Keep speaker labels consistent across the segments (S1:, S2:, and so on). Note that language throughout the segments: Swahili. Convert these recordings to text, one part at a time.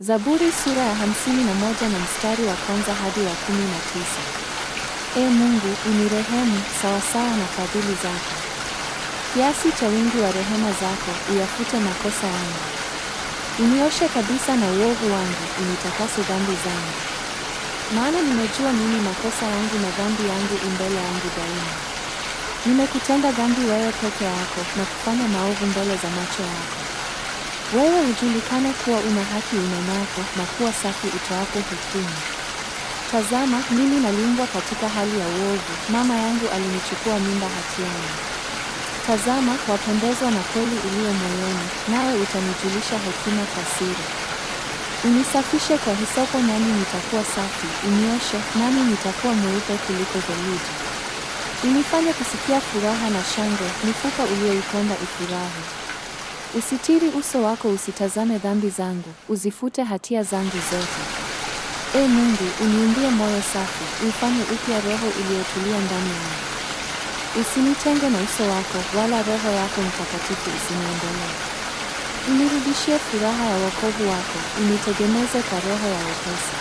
S1: Zaburi sura ya hamsini na moja na mstari wa kwanza hadi wa kumi na tisa. E Mungu, unirehemu sawasawa na fadhili zako. Kiasi cha wingi wa rehema zako, uyafute makosa yangu. Unioshe kabisa na uovu wangu, unitakase dhambi zangu. Maana nimejua mimi makosa yangu na dhambi yangu imbele yangu daima. Nimekutenda dhambi wewe peke yako na kufanya maovu mbele za macho yako. Wewe hujulikana kuwa una haki unenapo na kuwa safi utoapo hukumu. Tazama, mimi naliumbwa katika hali ya uovu, mama yangu alinichukua mimba hatiani. Tazama, wapendezwa na kweli iliyo moyoni, nawe utanijulisha hekima kwa siri. Unisafishe kwa hisopo, nami nitakuwa safi; unioshe, nami nitakuwa mweupe kuliko theluji. Unifanye kusikia furaha na shangwe, mifupa uliyoiponda ifurahi. Usitiri uso wako, usitazame dhambi zangu, uzifute hatia zangu zote. E Mungu, uniumbie moyo safi, uifanye upya roho iliyotulia ndani yangu. Usinitenge na uso wako, wala Roho yako Mtakatifu usiniondolee. Unirudishie furaha ya wokovu wako, unitegemeze kwa roho ya wepesi.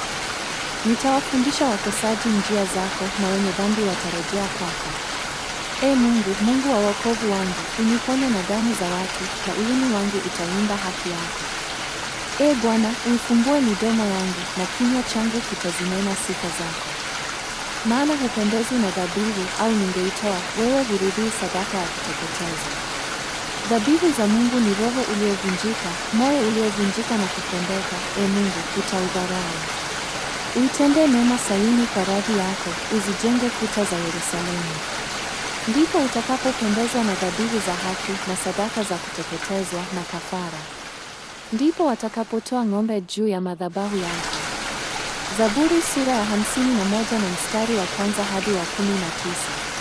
S1: Nitawafundisha wakosaji njia zako, na wenye dhambi watarejea kwako e Mungu, Mungu wa wokovu wangu, uniponye na damu za watu, na ulimi wangu utaimba haki yako. E Bwana, uifumbue midomo yangu, na kinywa changu kitazinena sifa zako. Maana hupendezi na dhabihu, au ningeitoa, wewe huridhii sadaka ya kuteketeza. Dhabihu za Mungu ni roho uliyovunjika, moyo uliovunjika na kupendeka, e Mungu, utaudharau. Uitende mema Sayuni kwa radhi yako, uzijenge kuta za Yerusalemu ndipo utakapopendezwa na dhabihu za haki na sadaka za kuteketezwa na kafara. Ndipo watakapotoa ng'ombe juu ya madhabahu yake. Zaburi sura ya 51 na na mstari wa kwanza hadi wa 19